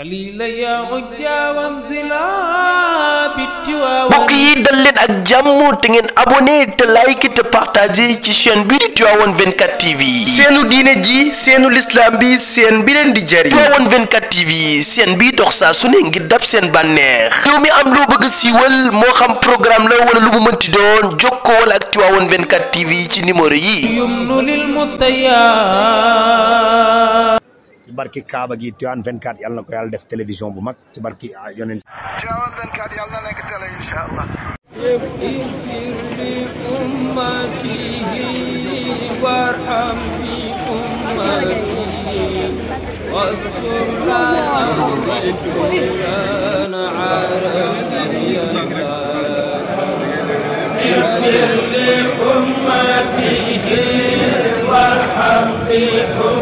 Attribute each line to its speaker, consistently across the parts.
Speaker 1: mbokk yi dal leen ak jàmm te ngeen abonné te like te partagé ci chaîne bi di Tivaouane 24 TV seenu diine ji seenu lislaam bi seen bi leen di jëriñ Tivaouane 24 TV seen bi dox saa su ne ngir dab seen bànneex xew mi am loo bëgg a siiwal moo xam programme la wala lu mu mënti doon jokkoo wala ak Tivaouane 24 TV ci numéro yi barki Kaaba gi Tivaouane 24 yàlla na ko yàlla def télévision bu mag ci barki ah, yonent Tivaouane 24 yàlla na nekk télé incha allah اغفر لأمته وارحم بأمته واذكر لهم القرآن عربيا اغفر لأمته وارحم بأمته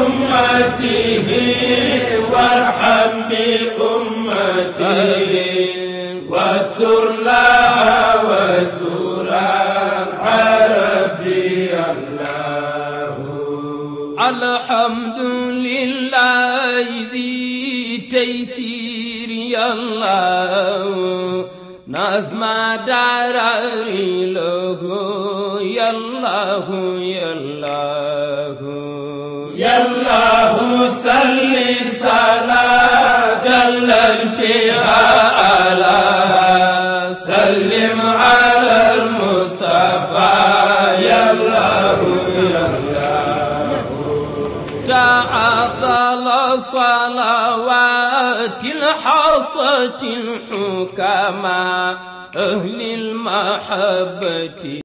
Speaker 1: أمته وارحم بأمته واستر لها واسترها ربي الله الحمد لله ذي تيسير الله نظم داراري له يا الله يا الله
Speaker 2: يا الله صل صلاة جل انتهاء على
Speaker 1: سلم على المصطفى يا الله يا الله تعطل صلوات الحصة الحكماء أهل المحبة